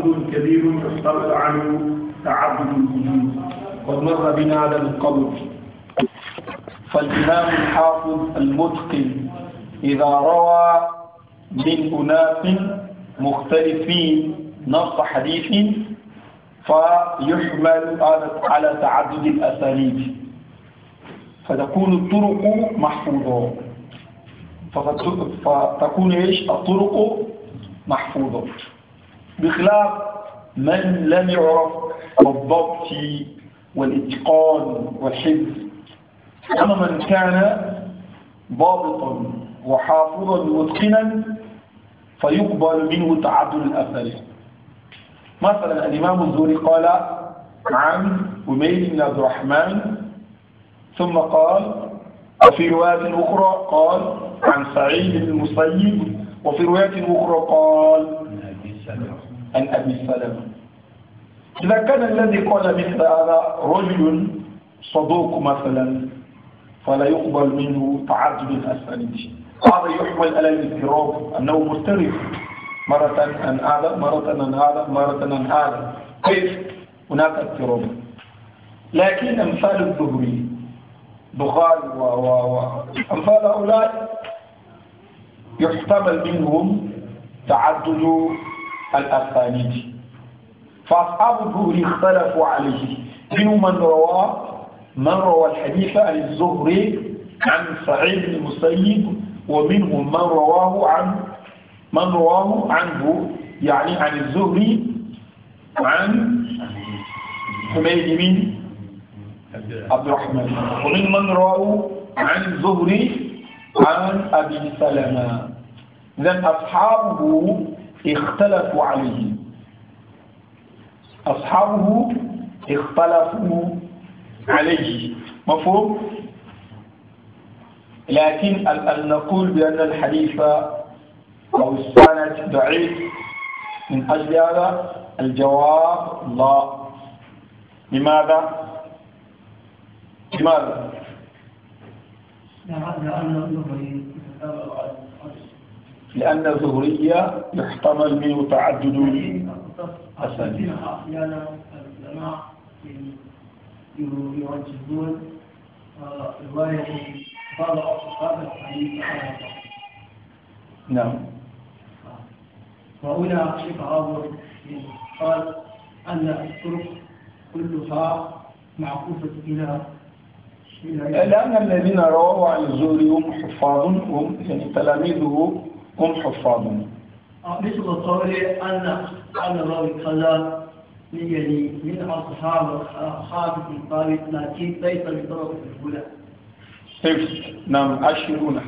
تعبد كبير يسترد عنه تعبد الوجود قد مر بنا على القبر فالإمام الحافظ المتقن إذا روى من أناس مختلفين نص حديث فيحمل على تعدد الأساليب فتكون الطرق محفوظة فتكون إيش الطرق محفوظة بخلاف من لم يعرف بالضبط والاتقان والحفظ أما من كان ضابطا وحافظا متقنا فيقبل منه تعدد الأثر مثلا الإمام الزوري قال عن أمير بن عبد الرحمن ثم قال وفي رواية أخرى قال عن سعيد بن المسيب وفي رواية أخرى قال عن أبي سلمة إذا كان الذي قال مثل هذا رجل صدوق مثلا فلا يقبل منه تعدد الأسانيد هذا يحمل على الاضطراب أنه مضطرب مرة عن هذا مرة عن هذا مرة عن هذا كيف طيب، هناك اضطراب لكن أمثال الظهري بخاري و و و أمثال هؤلاء يحتمل منهم تعدد الأسانيد الزهري اختلفوا عليه منهم من روى من روى الحديث عن الزهري عن سعيد بن المسيب ومنهم من رواه عن من رواه عنه يعني عن الزهري عن حميد بن عبد الرحمن ومن من رواه عن الزهري عن أبي سلمة إذا أصحابه اختلفوا عليه أصحابه اختلفوا عليه مفهوم لكن أن نقول بأن الحديث أو السند ضعيف من أجل هذا الجواب لا لماذا؟ لماذا؟ لأن الظهرية يحتمل منه تعدد أسانيدها يوجهون رواية بعض أصحاب الحديث نعم وهنا شيخ عابر قال أن الطرق كلها معقوفة إلى لأن الذين رووا عن الزهري هم حفاظ هم يعني تلاميذه هم حفاظنا آه، مثل قوله أن قال راوي كذا يعني من أصحاب خالد الطارق لكن ليس لطرف الأولى حفظ نعم عشرون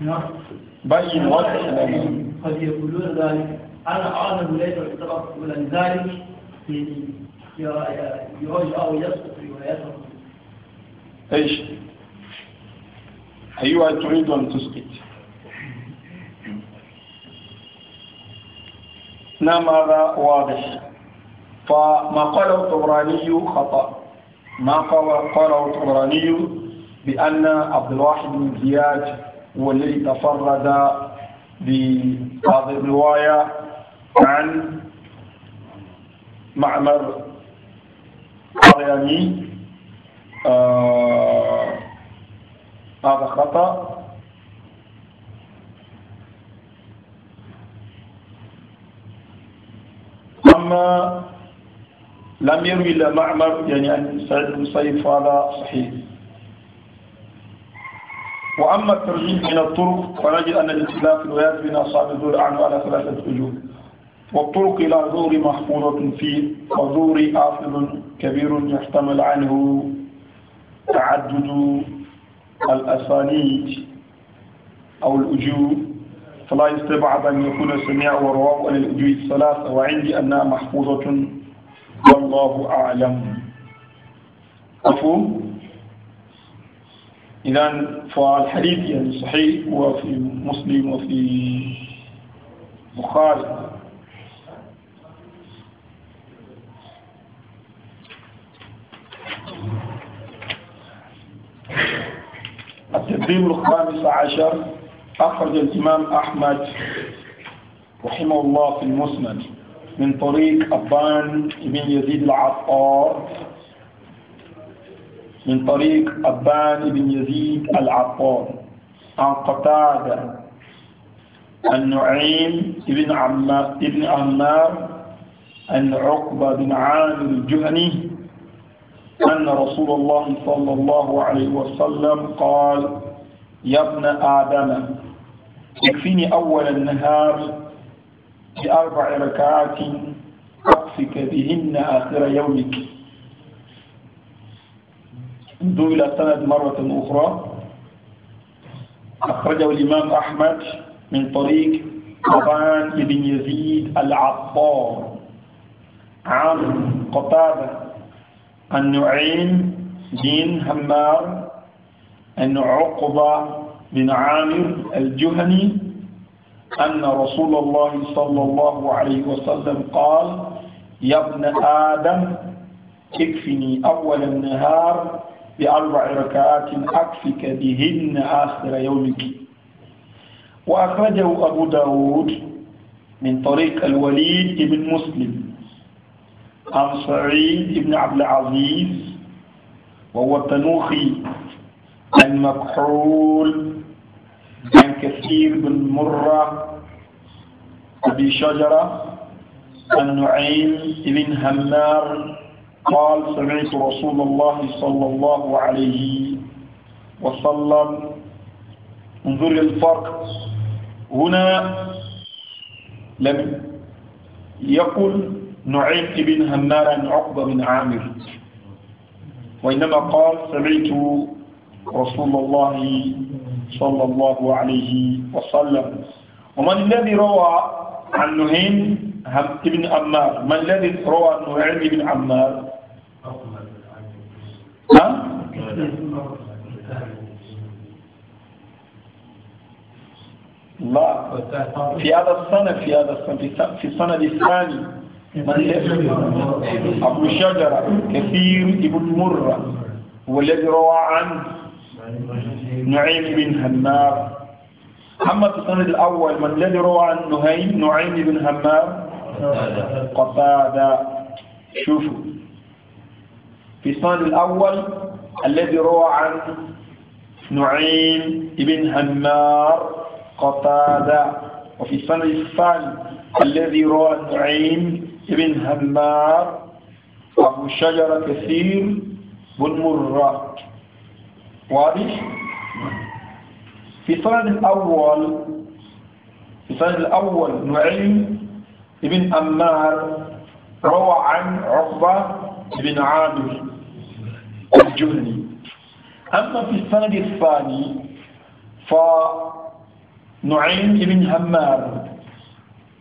نعم بين وضع قد يقولون ذلك أنا أعلم ليس لطرف الأولى لذلك يعني يرجع يسقط روايته ايش؟ أيوة تريد أن تسقط نعم هذا واضح فما قاله الطبراني خطأ ما قاله الطبراني بأن عبد الواحد بن زياد هو الذي تفرد بهذه الرواية عن معمر الطبراني آه هذا خطأ عما لم يروي إلا معمر يعني عن سعيد بن صيف هذا صحيح وأما الترجيح من الطرق فنجد أن الاختلاف في الروايات بين أصحاب الظهر عنه على ثلاثة وجوه والطرق إلى الظهر محفوظة فيه والظهر حافظ كبير يحتمل عنه تعدد الأسانيد أو الأجوب فلا يستبعد أن يكون سميع ورواه عن الثلاثة وعندي أنها محفوظة والله أعلم مفهوم إذا فالحديث يعني صحيح وفي مسلم وفي بخاري التدريب الخامس عشر أخرج الإمام أحمد رحمه الله في المسند من طريق أبان بن يزيد العطار من طريق أبان بن يزيد العطار عن قتادة النعيم بن عمار بن عمار أن عقبة بن عامر الجهني أن رسول الله صلى الله عليه وسلم قال يا ابن آدم يكفيني أول النهار بأربع ركعات أكفك بهن آخر يومك انظر إلى السند مرة أخرى أخرجه الإمام أحمد من طريق قبان بن يزيد العطار عن قتادة النعيم بن همار أن عقبة بن عامر الجهني أن رسول الله صلى الله عليه وسلم قال يا ابن آدم اكفني أول النهار بأربع ركعات أكفك بهن آخر يومك وأخرجه أبو داود من طريق الوليد بن مسلم عن سعيد بن عبد العزيز وهو التنوخي المكحول عن كثير بن مرة أبي شجرة عن نعيم بن همار قال سمعت رسول الله صلى الله عليه وسلم انظر الفرق هنا لم يقل نعيم بن همار عن عقبة بن عامر وإنما قال سمعت رسول الله صلى الله عليه وسلم ومن الذي روى عن نهيم بن عمار من الذي روى عن نهيم بن عمار ها؟ لا في هذا السنة في هذا السنة في السنة الثاني أبو شجرة كثير ابن مرة والذي روى عنه نعيم بن همام أما في السند الأول من الذي روى عن نهيم نعيم بن همام قتادة شوفوا في السند الأول الذي روى عن نعيم بن همار قتادة وفي السند الثاني الذي روى عن نعيم بن همار أبو شجرة كثير بن مرة واضح في السند الأول في السند الأول نعيم ابن أمار روى عن عقبة بن عامر الجهني أما في السند الثاني فنعيم بن همار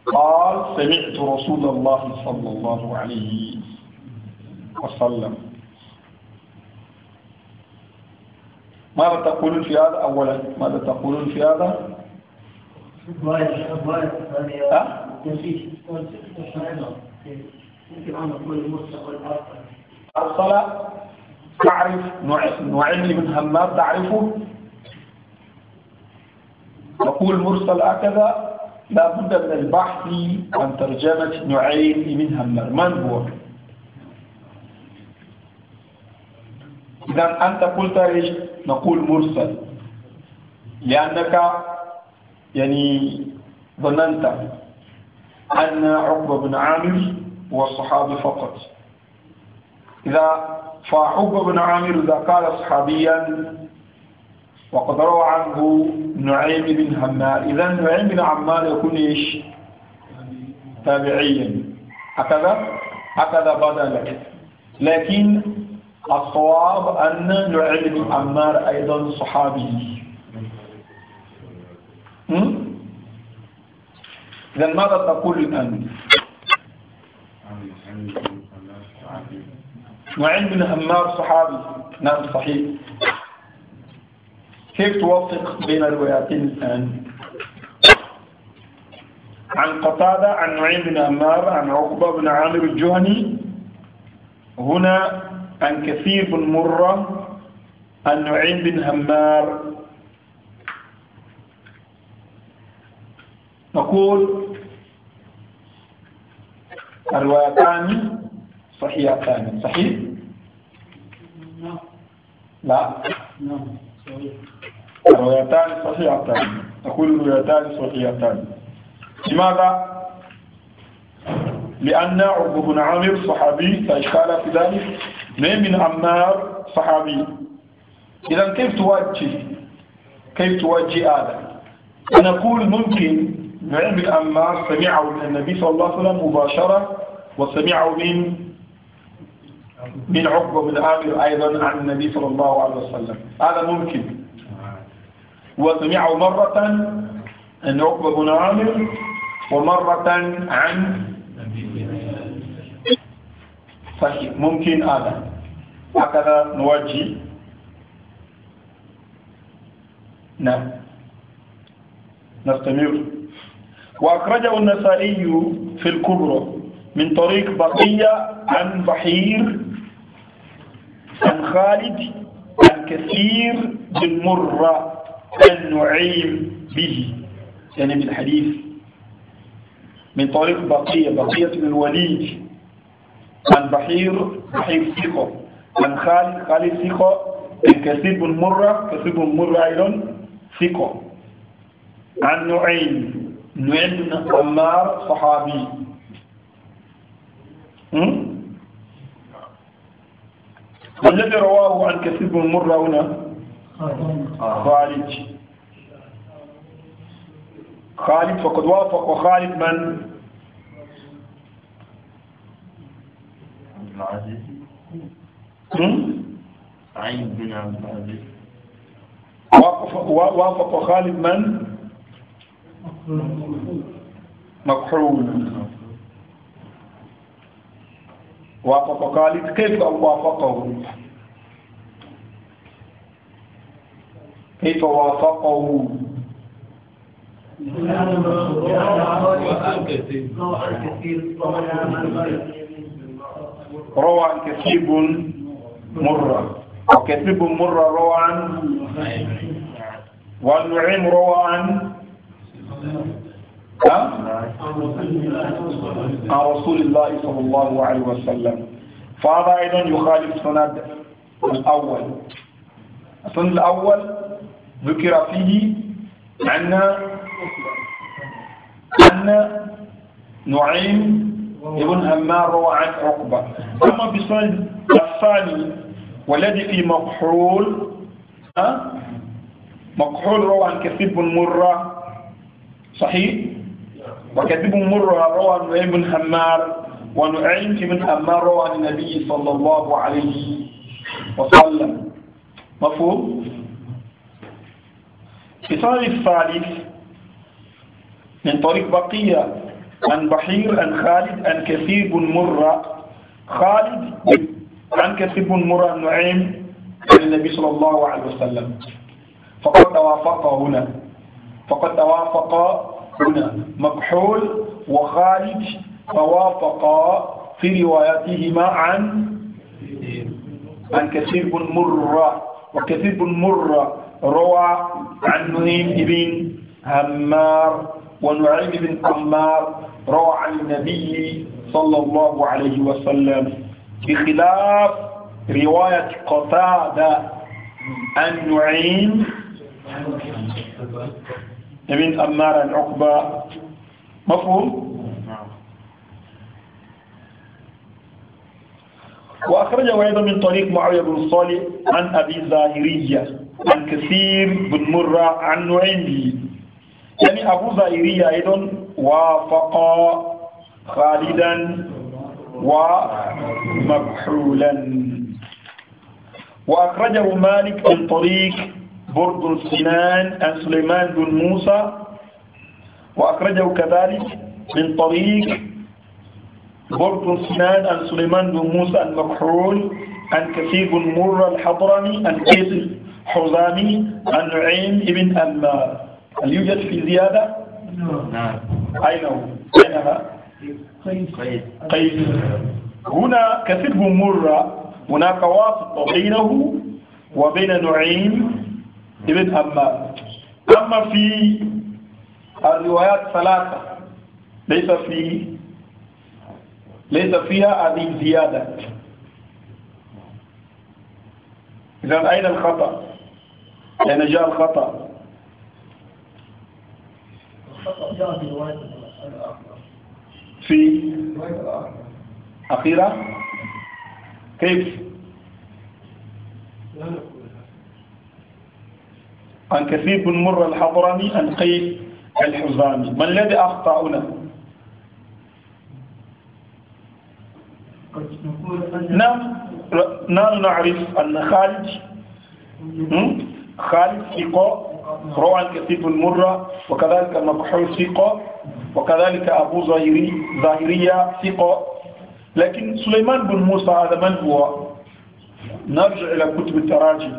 قال سمعت رسول الله صلى الله عليه وسلم ماذا تقولون في هذا أولا ماذا تقولون في هذا ها؟ أرسل تعرف نعيم من همام تعرفه تقول مرسل هكذا لا بد من البحث عن ترجمة نعيم من همام من هو؟ إذا أنت قلت إيش نقول مرسل لأنك يعني ظننت أن عقبة بن عامر هو الصحابي فقط إذا فعقبة بن عامر إذا قال صحابيا وقد روى عنه نعيم بن همال إذا نعيم بن عمار يكون إيش تابعيا هكذا هكذا بدا لك لكن الصواب أن نعلم بن عمار أيضا صحابي إذا ماذا تقول الآن؟ نعيم بن عمار صحابي نعم صحيح كيف توفق بين الروايتين الآن؟ عن قتادة عن نعيم بن عمار عن عقبة بن عامر الجهني هنا عن كثير بن مرة عن نعيم بن همار نقول الروايتان صحيحتان صحيح؟ لا الروايتان صحيحتان نقول الروايتان صحيحتان لماذا؟ لأن عبد بن عامر صحابي فإشكال في ذلك نعيم بن عمار صحابي إذا كيف توجه كيف توجه هذا نقول ممكن نعيم بن عمار سمعه من النبي صلى الله عليه وسلم مباشرة وسمعه من من عقبة بن عامر أيضا عن النبي صلى الله عليه وسلم هذا ممكن وسمعه مرة عن عقبة بن عامر ومرة عن فهي طيب، ممكن هذا هكذا نوجه نعم نستمر وأخرجه النسائي في الكبرى من طريق بقية عن بحير عن خالد عن كثير بن مرة عن نعيم به يعني من الحديث من طريق بقية بقية بن الوليد عن بحير بحير سيخو عن خالد خالد سيخو عن كسيب مرة كسيب مرة أيضا سيخو عن نعيم نعيم بن عمار صحابي والذي رواه عن كسيب مرة هنا خالد خالد فقد وافق خالد من بن عبد العزيز سعيد بن عبد العزيز وافق خالد من؟ مكحول وافق خالد كيف وافقه؟ كيف وافقه؟ وأكثر روى كثيب مرة وكثيب مرة روى عن والنعيم روى عن عن رسول الله صلى الله عليه وسلم فهذا أيضا يخالف سند الأول السند الأول ذكر فيه أن أن نعيم ابن عمار روى عن عقبة أما بسند الثاني والذي في مكحول ها مكحول روى عن كثيب بن مرة صحيح وكثيب بن مرة روى عن ابن عمار حمار ونعيم بن روى عن النبي صلى الله عليه وسلم مفهوم؟ بسؤال الثالث من طريق بقية عن بحير عن خالد عن كثير بن مرة خالد عن كثير بن مرة نعيم عن النبي صلى الله عليه وسلم فقد توافق هنا فقد توافق هنا مكحول وخالد توافقا في رواياتهما عن عن كثير بن مرة وكثير بن مرة روى عن نعيم بن همار ونعيم بن عمار روى عن النبي صلى الله عليه وسلم بخلاف رواية قتادة عن نعيم بن عمار عن عقبة مفهوم؟ وأخرجه أيضا من طريق معاوية بن صالح عن أبي زاهرية عن كثير بن مرة عن نعيم يعني أبو زائري أيضا وافق خالدا ومكحولا وأخرجه مالك من طريق برد السنان عن سليمان بن موسى وأخرجه كذلك من طريق برد السنان عن سليمان بن موسى المكحول عن كثير بن مر الحضرمي عن كيس الحزامي عن نعيم بن أمار هل يوجد في زيادة؟ نعم أين هو؟ أينها؟ قيس قيس هنا كسبه مرة هناك واسطة بينه وبين نعيم ابن أمار أما في الروايات ثلاثة ليس في ليس فيها هذه الزيادة إذا أين الخطأ؟ أين جاء الخطأ؟ جاء في رواية في أخيرة كيف عن كثير بن مر الحضرمي عن قيل الحزامي ما الذي أخطأنا نعم, نعم نعرف أن خالد خالد ثقة روى كثيف المرة وكذلك مكحول ثقة وكذلك أبو ظاهري ظاهرية ثقة لكن سليمان بن موسى هذا من هو؟ نرجع إلى كتب التراجم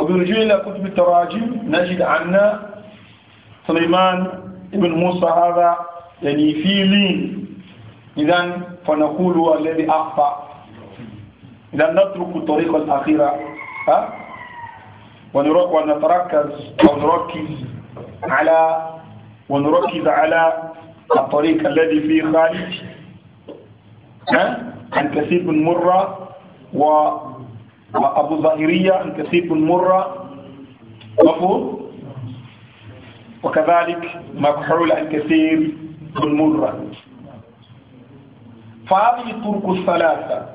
وبرجوع إلى كتب التراجم نجد عنا سليمان بن موسى هذا يعني في لين إذا فنقول الذي أخطأ إذا نترك الطريقة الأخيرة ها ونتركز أو نركز على ونركز على الطريق الذي فيه خالد عن كثير بن مرة وأبو ظاهرية عن كثير بن مرة مفهوم وكذلك مكحول عن كثير بن مرة فهذه الطرق الثلاثة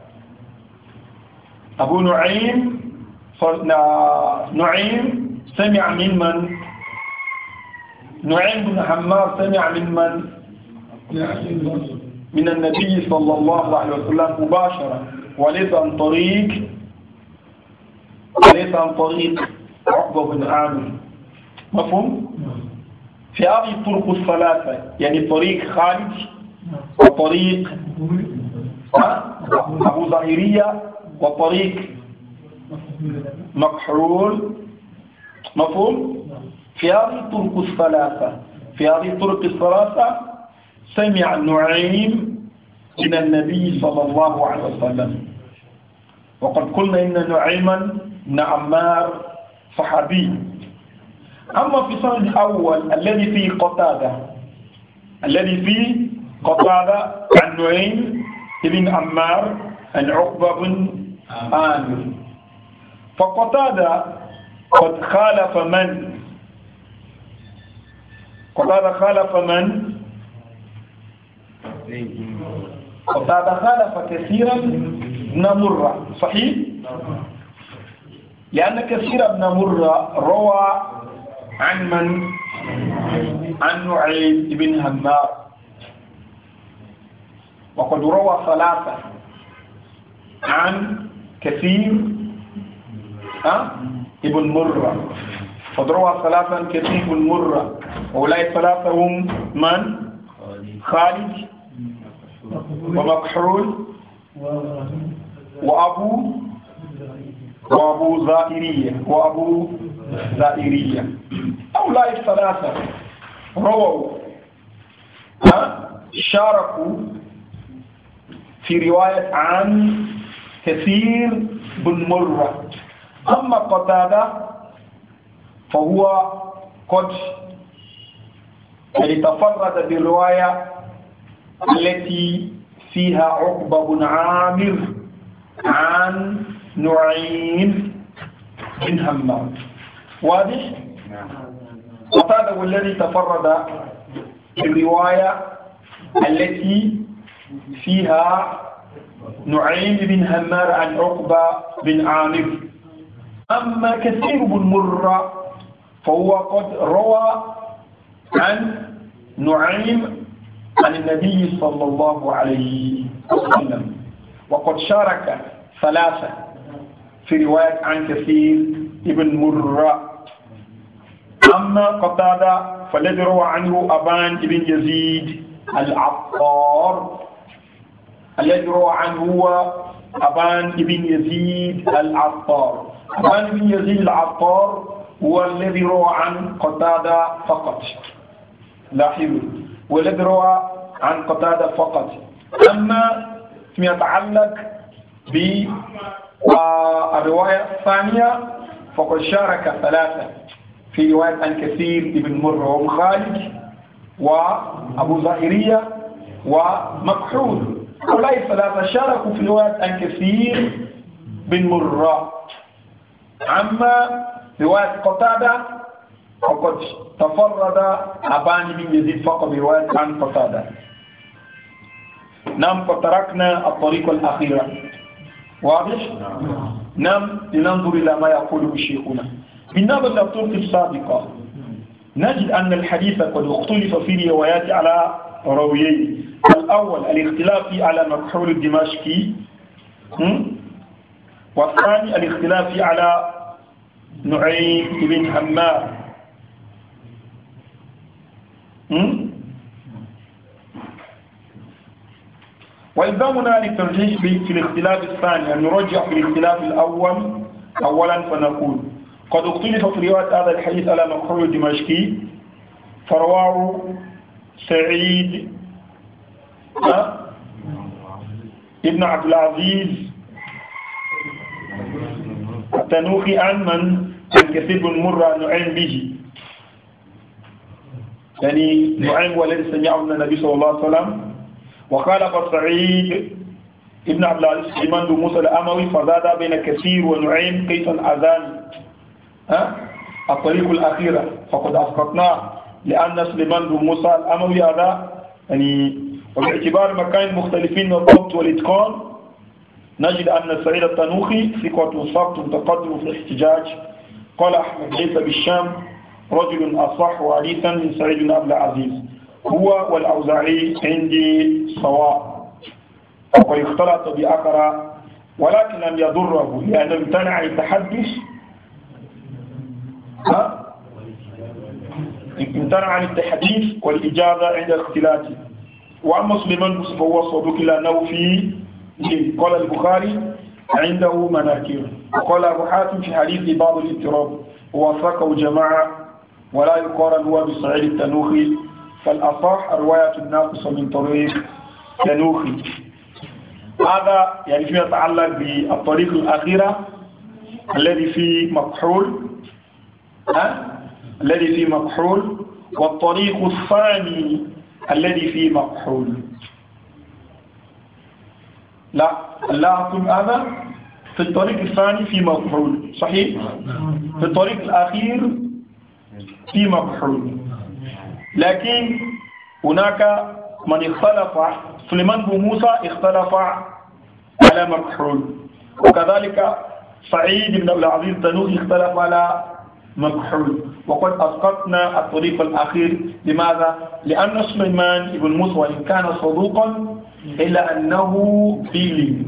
أبو نعيم نعيم سمع من من نعيم بن حمار سمع من من من النبي صلى الله عليه وسلم مباشرة وليس عن طريق وليس عن طريق عقبة بن عامر مفهوم؟ في هذه الطرق الثلاثة يعني طريق خالد وطريق أبو ظهيرية وطريق مقحول مفهوم في هذه الطرق الثلاثة في هذه الطرق الثلاثة سمع نعيم من النبي صلى الله عليه وسلم وقد قلنا إن نعيما بن عمار صحابي أما في السند الأول الذي فيه قتادة الذي فيه قتادة عن نعيم بن عمار عن عقبة بن عامر فقطادة قد خالف من قطادة خالف من قطادة خالف كثيرا بن مرة صحيح لأن كثير بن مرة روى عن من عن نعيم بن همار وقد روى ثلاثة عن كثير ها ابن مرة فضروا ثلاثا كثير ابن مرة أولئك ثلاثة هم من خالد ومكحول وأبو وأبو زائرية وأبو زائرية أولئك ثلاثة رووا شاركوا في رواية عن كثير بن مرة أما قتادة فهو قد يتفرد بالرواية التي فيها عقبة بن عامر عن نعيم بن همام واضح؟ قتادة هو الذي تفرد بالرواية التي فيها نعيم بن همار عن عقبة بن عامر أما كثير بن مرة فهو قد روى عن نعيم عن النبي صلى الله عليه وسلم وقد شارك ثلاثة في رواية عن كثير ابن مرة أما قتادة فالذي روى عنه أبان بن يزيد العطار الذي روى عنه هو أبان بن يزيد العطار بل يزيد العطار هو الذي روى عن قتادة فقط لاحظوا والذي روى عن قتادة فقط أما فيما يتعلق بالرواية آه، الثانية فقد شارك ثلاثة في رواية عن كثير بن مرة وهم خالد وأبو زهيرية ومكحول هؤلاء الثلاثة شاركوا في رواية عن كثير بن مرة أما رواية قتادة وقد تفرد أباني بن يزيد فقط برواية عن قتادة نعم فتركنا الطريق الأخيرة واضح؟ نعم لننظر إلى ما يقوله شيخنا بالنظر الطرق السابقة نجد أن الحديث قد اختلف في روايات على رويين الأول الاختلاف على مكحول الدمشقي والثاني الاختلاف على نعيم بن حمام وإلزامنا للترجيح في الاختلاف الثاني أن يعني نرجح في الاختلاف الأول أولا فنقول قد اختلف في رواية هذا الحديث على مقر الدمشقي فرواه سعيد ابن عبد العزيز التنوخي عن من الكسب مرة نعيم به يعني نعيم والذي سمعه النبي صلى الله عليه وسلم وقال قد سعيد ابن عبد العزيز سليمان بن موسى الأموي فزاد بين كثير ونعيم قيس أذان ها الطريق الأخيرة فقد أسقطناه لأن سليمان بن موسى الأموي هذا يعني وباعتبار مكان مختلفين الضبط والإتقان نجد أن سعيد التنوخي ثقة صبت تقدم في الاحتجاج قال أحمد ليس بالشام رجل أصح حديثا من سعيد بن عبد العزيز هو والأوزاعي عندي سواء ويختلط بأقرى ولكن لم يضره لأنه امتنع التحدث ها؟ امتنع عن التحديث والإجابة عند اختلاطه وأما سليمان فهو صدوق لأنه في قال البخاري عنده مناكير وقال أبو حاتم في حديث بعض الاضطراب وافقه جماعة ولا يقارن هو بصعيد التنوخي فالأصح رواية الناقصة من طريق تنوخي هذا يعني فيما يتعلق بالطريق الأخيرة الذي فيه مكحول ها؟ الذي فيه مكحول والطريق الثاني الذي فيه مكحول لا لا أقول أنا في الطريق الثاني في مفعول صحيح في الطريق الأخير في مفعول لكن هناك من اختلف سليمان بن موسى اختلف على مكحول وكذلك سعيد بن عبد العزيز تنوخ اختلف على مكحول وقد أسقطنا الطريق الأخير لماذا؟ لأن سليمان بن موسى وإن كان صدوقا إلا أنه فيلي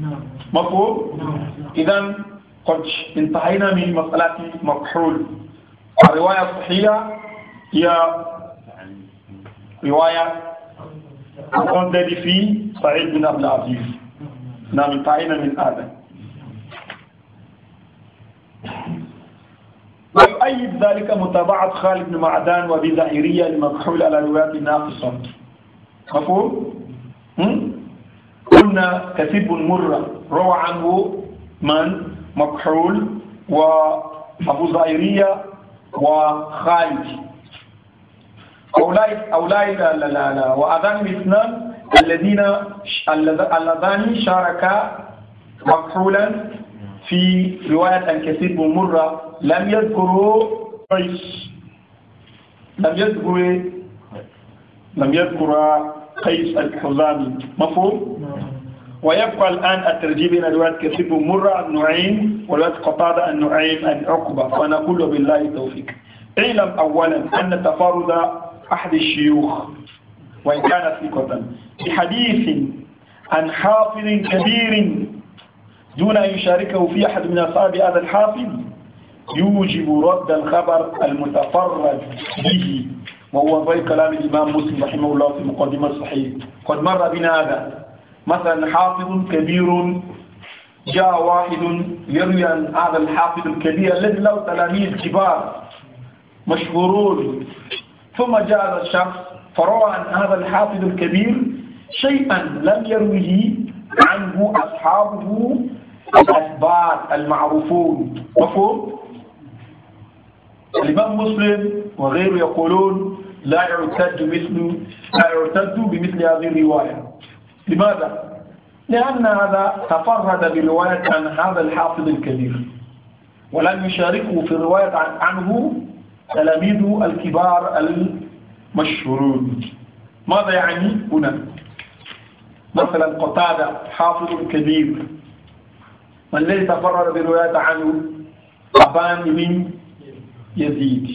نعم. مفهوم؟ نعم. إذا قد انتهينا من مسألة مكحول الرواية الصحيحة هي رواية الذي في سعيد بن عبد العزيز نعم انتهينا من هذا ويؤيد ذلك متابعة خالد بن معدان وبزائرية المكحول على رواية الناقصة مفهوم؟ قلنا كثيب مرة روى عنه من مكحول وأبو زائرية وخالد أولئك أولئك لا لا لا, لا. وأذان الاثنان الذين اللذان شاركا مكحولا في رواية كثيب كسب مرة لم يذكروا لم يذكروا لم يذكر قيس الحزامي مفهوم؟ ويبقى الآن الترجيب بين رواية كثير مرة النعيم ورواية قطادة النعيم العقبة عقبة فنقول بالله التوفيق اعلم أولا أن تفرد أحد الشيوخ وإن كان ثقة بحديث عن حافظ كبير دون أن يشاركه في أحد من أصحاب هذا الحافظ يوجب رد الخبر المتفرد به وهو في كلام الإمام مسلم رحمه الله في مقدمة الصحيح قد مر بنا هذا مثلا حافظ كبير جاء واحد يروي عن هذا الحافظ الكبير الذي له تلاميذ كبار مشهورون ثم جاء هذا الشخص فروى عن هذا الحافظ الكبير شيئا لم يروه عنه أصحابه الأثبات المعروفون مفهوم؟ الإمام مسلم وغيره يقولون لا يعتد مثل لا يرتد بمثل هذه الرواية لماذا؟ لأن هذا تفرد برواية عن هذا الحافظ الكبير ولم يشاركه في الرواية عنه تلاميذه الكبار المشهورون ماذا يعني هنا؟ مثلا قتادة حافظ كبير من الذي تفرد برواية عنه أبان بن يزيد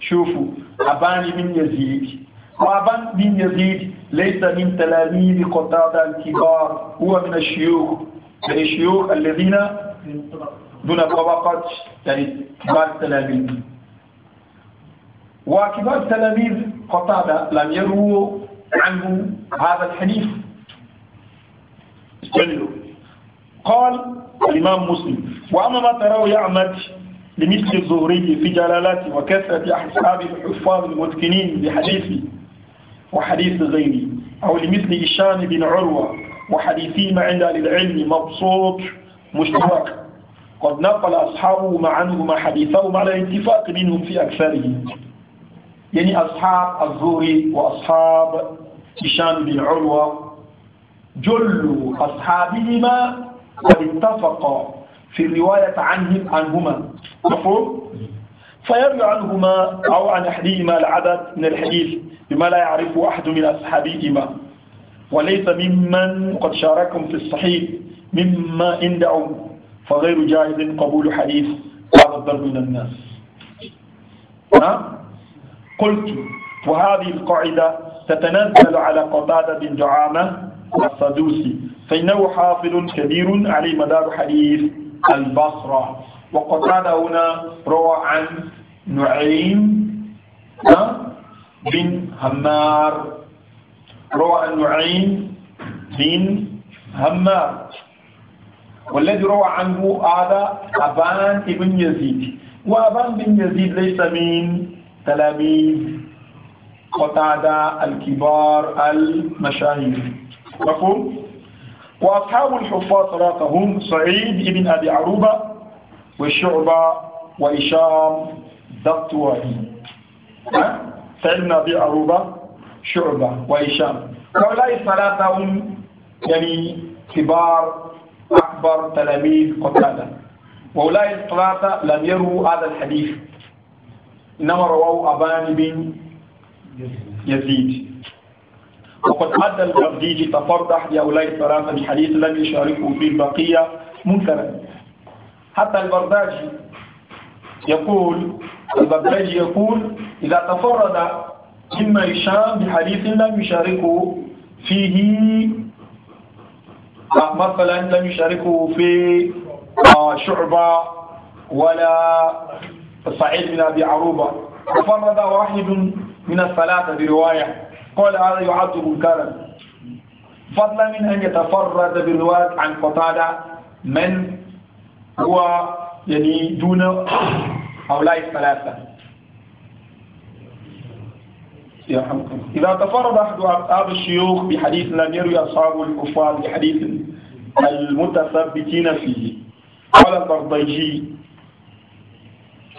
شوفوا أبان بن يزيد وأبان بن يزيد ليس من تلاميذ قتادة الكبار هو من الشيوخ من يعني الشيوخ الذين دون طبقة يعني كبار التلاميذ وكبار التلاميذ قتادة لم يروا عنه هذا الحديث استنلوا قال الإمام مسلم وأما ما تراه يعمد لمثل الزهري في جلالاته وكثرة أحساب الحفاظ المتقنين بحديثه وحديث غيره أو لمثل هشام بن عروة وحديثهما عند أهل العلم مبسوط مشترك قد نقل أصحابهما عنهما حديثهم على اتفاق منهم في أكثره يعني أصحاب الزهري وأصحاب هشام بن عروة جل أصحابهما قد اتفقا في الرواية عنهم عنهما مفهوم؟ فيروي عنهما أو عن أحدهما العدد من الحديث بما لا يعرف أحد من أصحابهما وليس ممن قد شاركهم في الصحيح مما عندهم فغير جاهز قبول حديث هذا الضرب من الناس ها؟ قلت وهذه القاعدة تتنزل على قطادة بن دعامة السدوسي فإنه حافظ كبير عليه مدار حديث البصرة وقتادة هنا روى عن نعيم بن همار روى عن نعيم بن همار والذي روى عنه هذا أبان بن يزيد وأبان بن يزيد ليس من تلاميذ قتادة الكبار المشاهير مفهوم؟ وأصحاب الحفاظ راقهم هم سعيد بن أبي عروبة وشعبة وإشام دقتوائي سعيد بن أبي عروبة شعبة وإشام هؤلاء الثلاثة هم يعني كبار أكبر تلاميذ قتادة وأولئك الثلاثة لم يروا هذا الحديث إنما رواه أبان بن يزيد وقد أدى البغدادي تفرد لأولاء الثلاثة بحديث لم يشاركه في البقية منكرا حتى البرداجي يقول البرداجي يقول إذا تفرد إما هشام بحديث لم يشاركه فيه مثلا لم يشاركه في آه، شعبة ولا سعيد بن أبي عروبة تفرد واحد من الثلاثة برواية قال هذا يعد منكرا فضلا من أن يتفرد بالرواد عن قطادة من هو يعني دون هؤلاء الثلاثة إذا تفرد أحد أصحاب الشيوخ بحديث لم يروي أصحاب الكفار بحديث المتثبتين فيه قال البرضيجي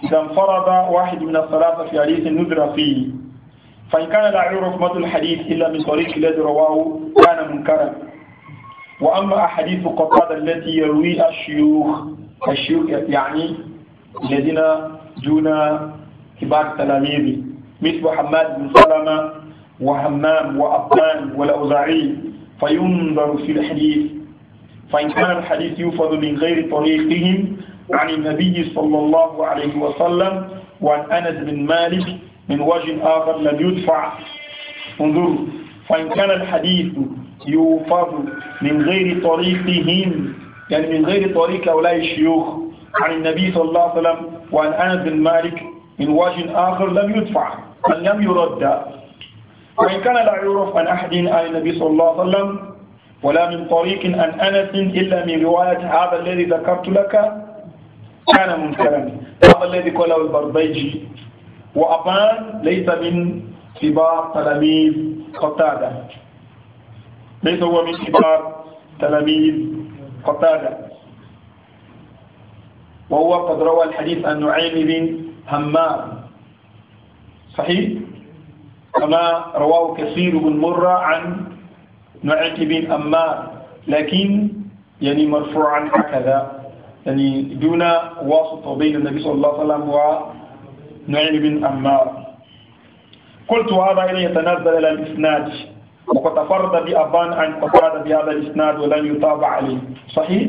إذا انفرد واحد من الثلاثة في حديث نذر فيه فإن كان لا يعرف مد الحديث إلا من طريق الذي رواه كان منكرا وأما أحاديث قتادة التي يرويها الشيوخ الشيوخ يعني الذين دون كبار التلاميذ مثل حماد بن سلمة وهمام وأبان والأوزاعي فينظر في الحديث فإن كان الحديث يؤخذ من غير طريقهم عن النبي صلى الله عليه وسلم وعن أنس بن مالك من وجه آخر لم يدفع انظروا فإن كان الحديث يوفر من غير طريقهم يعني من غير طريق أولاء الشيوخ عن النبي صلى الله عليه وسلم وعن أنس بن مالك من وجه آخر لم يدفع بل لم يرد وإن كان لا يعرف عن أحد عن النبي صلى الله عليه وسلم ولا من طريق عن أنس إلا من رواية هذا الذي ذكرت لك كان منكرا هذا الذي قاله البربيجي وأبان ليس من كبار تلاميذ قتادة ليس هو من كبار تلاميذ قتادة وهو قد روى الحديث عن نعيم بن همام صحيح كما رواه كثير بن مرة عن نعيم بن أمار لكن يعني مرفوعا هكذا يعني دون واسطة بين النبي صلى الله عليه وسلم نعيم بن أمار قلت هذا إن يتنزل إلى الإسناد وقد تفرد بأبان أن قتادة بهذا الإسناد ولن يتابع عليه صحيح؟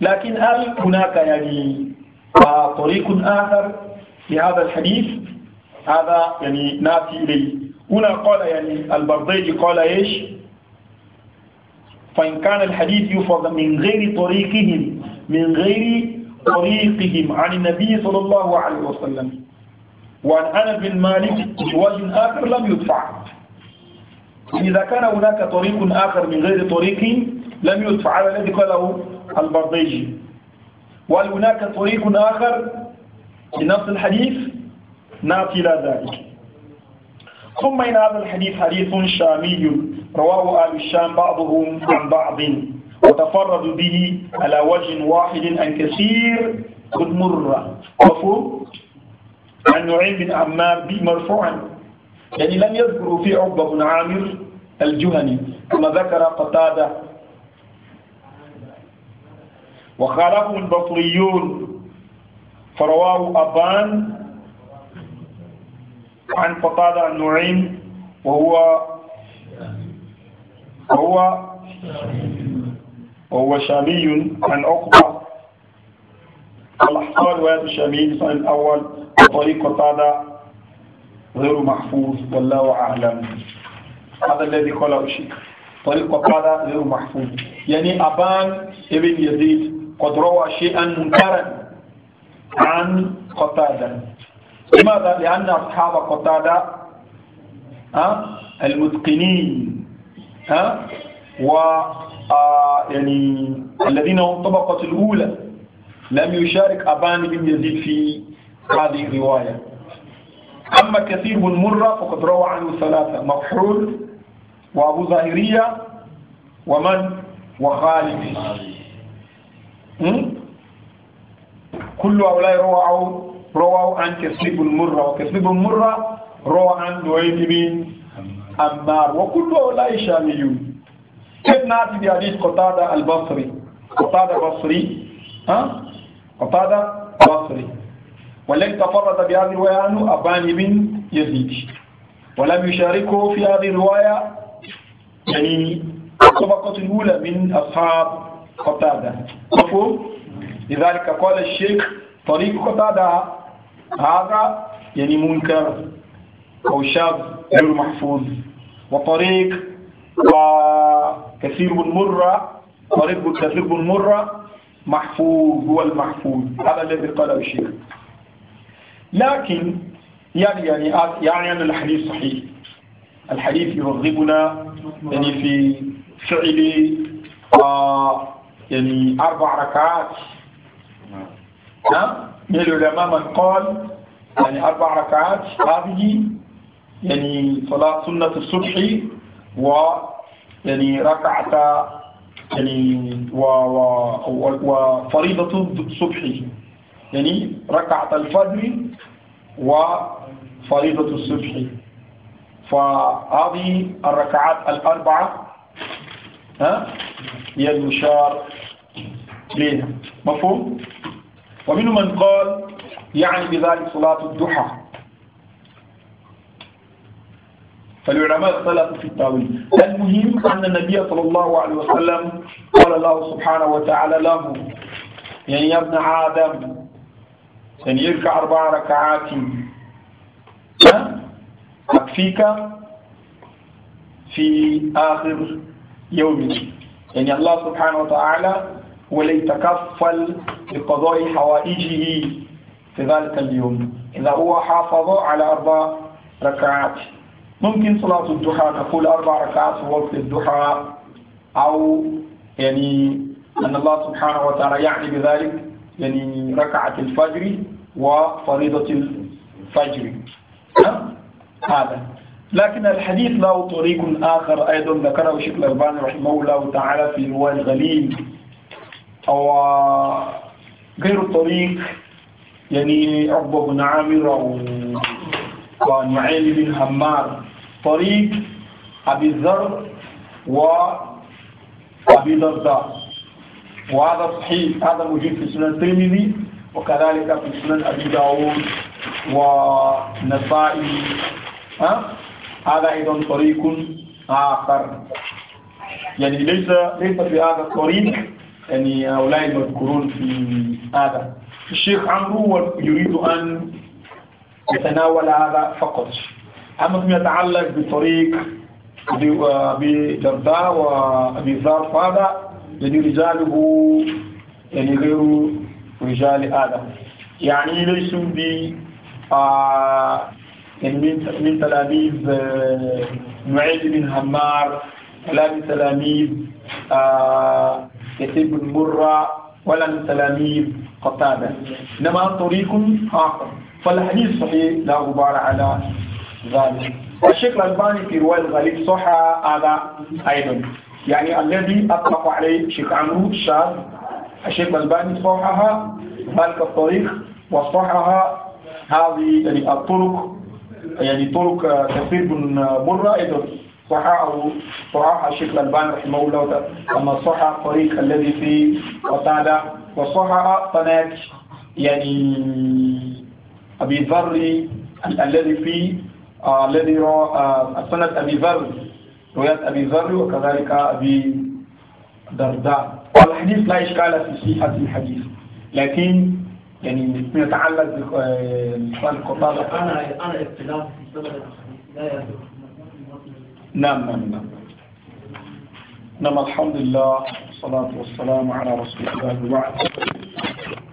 لكن هل هناك يعني آه، طريق آخر لهذا الحديث؟ هذا يعني ناتي إليه هنا قال يعني البرديجي قال إيش؟ فإن كان الحديث يفرض من غير طريقهم من غير طريقهم عن النبي صلى الله عليه وسلم وعن أنس بن مالك بوجه آخر لم يدفع إذا كان هناك طريق آخر من غير طريق لم يدفع هذا الذي قاله البرديجي وهل هناك طريق آخر في نفس الحديث نأتي إلى ذلك ثم إن هذا الحديث حديث شامي رواه أهل الشام بعضهم عن بعض وتفرد به على وجه واحد أن كثير قد مر وفو عن نعيم بن عمار به مرفوعا يعني لم يذكر في عقبة بن عامر الجهني كما ذكر قتادة وخالفه البصريون فرواه أبان عن قتادة عن نعيم وهو وهو وهو شامي عن عقبة الأحصار وهذا الشامي الإنسان الأول وطريق قتادة غير محفوظ والله أعلم هذا الذي قاله الشيخ طريق قتادة غير محفوظ يعني أبان ابن يزيد قد روى شيئا منكرا عن قتادة لماذا؟ لأن أصحاب قتادة المتقنين ها و آه، يعني الذين هم الطبقة الأولى لم يشارك أبان بن يزيد في هذه الرواية أما كثير بن مرة فقد روى عنه ثلاثة مفحول وأبو ظاهرية ومن وخالد كل هؤلاء رووا رووا عن كثير بن مرة وكثير بن مرة روى عن نويل بن عمار وكل هؤلاء شاميون كيف نأتي حديث قتادة البصري قتادة بصري ها قتادة بصري ولن تفرد بهذه الرواية عنه أبان بن يزيد ولم يشاركه في هذه الرواية يعني الطبقة الأولى من أصحاب قتادة مفهوم؟ لذلك قال الشيخ طريق قتادة هذا يعني منكر أو شاذ غير محفوظ وطريق و كثير مرة قريب كثير مرة محفوظ هو المحفوظ هذا الذي قاله الشيخ لكن يعني يعني آه، يعني أن الحديث صحيح الحديث يرغبنا يعني في فعل آه يعني أربع ركعات ها من العلماء من قال يعني أربع ركعات هذه يعني صلاة سنة الصبح و يعني ركعة يعني و و وفريضة الصبح يعني ركعة الفجر وفريضة الصبح فهذه الركعات الأربعة ها هي المشار إليها مفهوم؟ ومنهم من قال يعني بذلك صلاة الضحى فالعلماء اختلفوا في التاويل المهم أن النبي صلى الله عليه وسلم قال الله سبحانه وتعالى له يعني يا ابن آدم يعني يركع أربع ركعات أكفيك في آخر يومك يعني الله سبحانه وتعالى وليتكفل بقضاء حوائجه في ذلك اليوم إذا هو حافظ على أربع ركعات ممكن صلاة الضحى تقول أربع ركعات في وقت الضحى أو يعني أن الله سبحانه وتعالى يعني بذلك يعني ركعة الفجر وفريضة الفجر هذا لكن الحديث له طريق آخر أيضا ذكره شيخ الألباني رحمه الله تعالى في رواية الغليل أو غير الطريق يعني عقبة بن عامر أو ونعيم بن همار طريق أبي الذر وأبي الدرداء وهذا صحيح هذا موجود في سنن الترمذي وكذلك في سنن أبي داود ونسائي ها هذا أيضا طريق آخر يعني ليس ليس في هذا الطريق يعني هؤلاء المذكورون في هذا الشيخ عمرو يريد أن يتناول هذا فقط أما فيما يتعلق بطريق أبي درداء وأبي زار فهذا يعني رجاله يعني غير رجال آدم يعني ليسوا ب آه، يعني من تلاميذ آه، نعيد بن همار ولا من تلاميذ كتيب آه، بن مرة ولا من تلاميذ قتادة إنما طريق آخر فالحديث صحيح لا غبار على ذلك الشيخ الألباني في رواية الغريب صحى هذا أيضا يعني الذي أطلق عليه شيخ عمرو الشاذ الشيخ الألباني صححها ذلك الطريق وصححها هذه يعني الطرق يعني طرق كثير بن مرة أيضا صححه صححه الشيخ الألباني رحمه الله تعالى أما صحى الطريق الذي في قتادة وصحح قناة يعني أبي ذر الذي في آه، الذي روى آه، سنة أبي ذر رواية أبي ذر وكذلك أبي درداء والحديث لا إشكال في صحة الحديث لكن يعني يتعلق بالحوار آه، القطاع أنا أنا اختلاف في سبب لا نعم نعم نعم نعم الحمد لله والصلاة والسلام على رسول الله وبعد